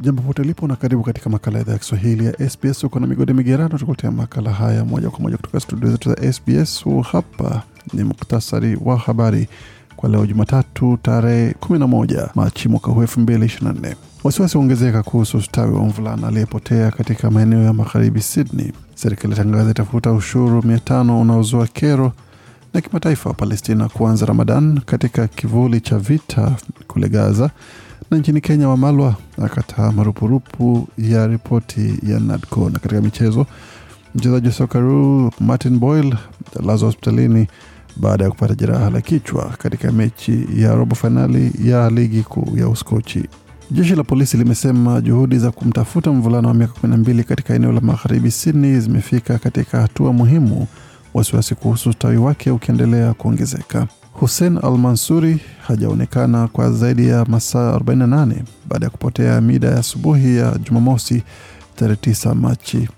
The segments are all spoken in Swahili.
Jambo pote lipo na karibu katika makala idhaa ya Kiswahili ya SBS. Uko na migode migerano, tukuletea makala haya moja kwa moja kutoka studio zetu za SBS. Huu hapa ni muktasari wa habari kwa leo Jumatatu tarehe 11 Machi mwaka huu 2024. Wasiwasi waongezeka kuhusu ustawi wa mvulana aliyepotea katika maeneo ya magharibi Sydney. Serikali tangaza itafuta ushuru 500 unaozua kero na kimataifa wa Palestina kuanza Ramadan katika kivuli cha vita kule Gaza na nchini Kenya, Wamalwa akataa marupurupu ya ripoti ya NADCO. Na katika michezo, mchezaji wa sokaru Martin Boyle alazwa hospitalini baada ya kupata jeraha la kichwa katika mechi ya robo fainali ya ligi kuu ya Uskochi. Jeshi la polisi limesema juhudi za kumtafuta mvulana wa miaka 12 katika eneo la magharibi Sydney zimefika katika hatua muhimu, wasiwasi kuhusu ustawi wake ukiendelea kuongezeka. Hussein al-Mansuri hajaonekana kwa zaidi ya masaa 48 baada ya kupotea mida ya asubuhi ya Jumamosi tarehe 9 Machi.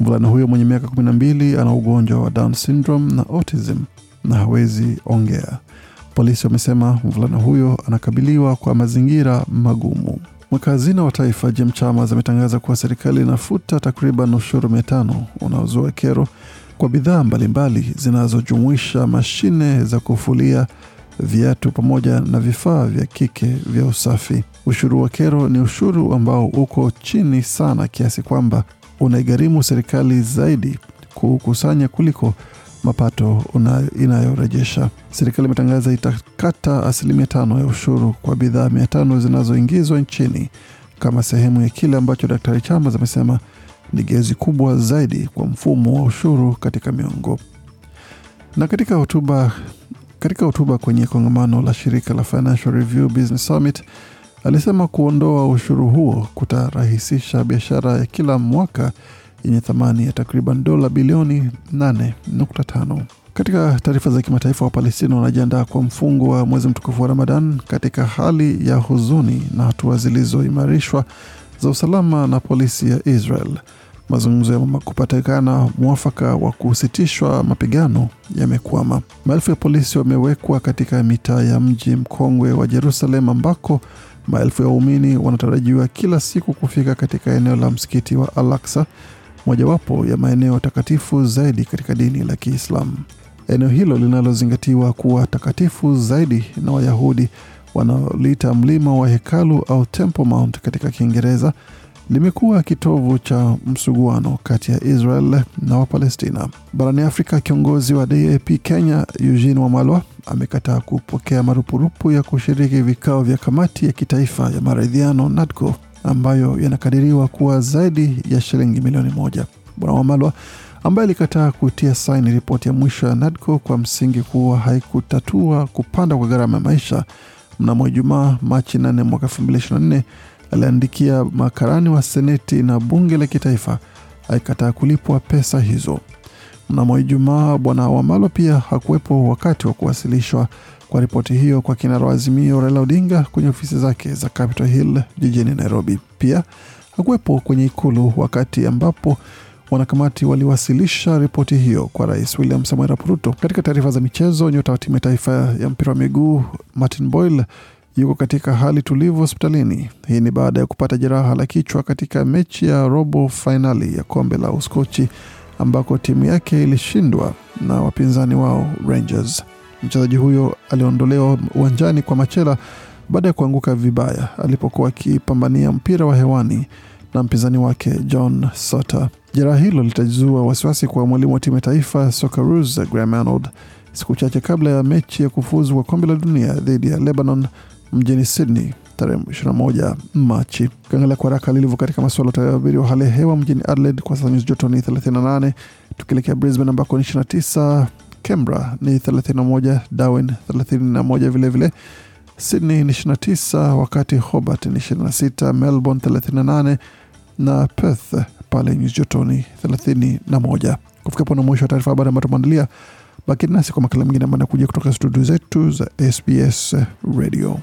Mvulana huyo mwenye miaka 12 ana ugonjwa wa Down syndrome na autism na hawezi ongea. Polisi wamesema mvulana huyo anakabiliwa kwa mazingira magumu. Mweka hazina wa taifa Jim Chalmers ametangaza kuwa serikali inafuta takriban ushuru mia tano unaozua kero kwa bidhaa mbalimbali zinazojumuisha mashine za kufulia, viatu pamoja na vifaa vya kike vya usafi. Ushuru wa kero ni ushuru ambao uko chini sana kiasi kwamba unaigharimu serikali zaidi kukusanya kuliko mapato inayorejesha. Serikali imetangaza itakata asilimia tano ya ushuru kwa bidhaa mia tano zinazoingizwa nchini kama sehemu ya kile ambacho Daktari Chambers amesema ni gezi kubwa zaidi kwa mfumo wa ushuru katika miongo. Na katika hotuba katika hotuba kwenye kongamano la shirika la Financial Review Business Summit alisema kuondoa ushuru huo kutarahisisha biashara ya kila mwaka yenye thamani ya takriban dola bilioni 8.5. Katika taarifa za kimataifa, wa palestina wanajiandaa kwa mfungo wa mwezi mtukufu wa Ramadan katika hali ya huzuni na hatua zilizoimarishwa za usalama na polisi ya Israel. Mazungumzo ya kupatikana mwafaka wa kusitishwa mapigano yamekwama. Maelfu ya polisi wamewekwa katika mitaa ya mji mkongwe wa Jerusalem ambako maelfu ya waumini wanatarajiwa kila siku kufika katika eneo la msikiti wa Al-Aqsa, mojawapo ya maeneo takatifu zaidi katika dini la Kiislamu. Eneo hilo linalozingatiwa kuwa takatifu zaidi na Wayahudi wanaolita mlima wa hekalu au Temple Mount katika Kiingereza limekuwa kitovu cha msuguano kati ya Israel na Wapalestina. Barani Afrika, kiongozi wa DAP Kenya Eugene Wamalwa amekataa kupokea marupurupu ya kushiriki vikao vya kamati ya kitaifa ya maridhiano NADCO ambayo yanakadiriwa kuwa zaidi ya shilingi milioni moja. Bwana Wamalwa ambaye alikataa kutia saini ripoti ya mwisho ya NADCO kwa msingi kuwa haikutatua kupanda kwa gharama ya maisha mnamo Ijumaa Machi 8 mwaka 2024 aliandikia makarani wa seneti na bunge la kitaifa akikataa kulipwa pesa hizo. Mnamo Ijumaa, bwana Wamalo pia hakuwepo wakati wa kuwasilishwa kwa ripoti hiyo kwa kinara wa Azimio Raila Odinga kwenye ofisi zake za Capitol Hill jijini Nairobi. Pia hakuwepo kwenye ikulu wakati ambapo Wanakamati waliwasilisha ripoti hiyo kwa Rais William Samoei Ruto. Katika taarifa za michezo, nyota wa timu ya taifa ya mpira wa miguu Martin Boyle yuko katika hali tulivu hospitalini. Hii ni baada ya kupata jeraha la kichwa katika mechi ya robo fainali ya kombe la Uskochi ambako timu yake ilishindwa na wapinzani wao Rangers. Mchezaji huyo aliondolewa uwanjani kwa machela baada ya kuanguka vibaya alipokuwa akipambania mpira wa hewani na mpinzani wake John Sota. Jeraha hilo litazua wasiwasi kwa mwalimu wa timu ya taifa Socceroos Graham Arnold siku chache kabla ya mechi ya kufuzu kwa kombe la dunia dhidi ya Lebanon mjini Sydney tarehe 21 Machi. Ukiangalia kwa haraka lilivyo katika masuala utabiri wa hali ya hewa mjini Adelaide kwa sasa nyuzi joto ni 38, tukielekea Brisbane ambako ni 29, Canberra ni 31, Darwin 31 vilevile, Sydney ni 29, wakati Hobart ni 26, Melbourne 38 na Perth pale nyuzi jotoni 31. Kufika pona na mwisho wa taarifa habari ambayo tumeandalia. Baki nasi kwa makala mengine ambayo anakuja kutoka studio zetu za SBS Radio.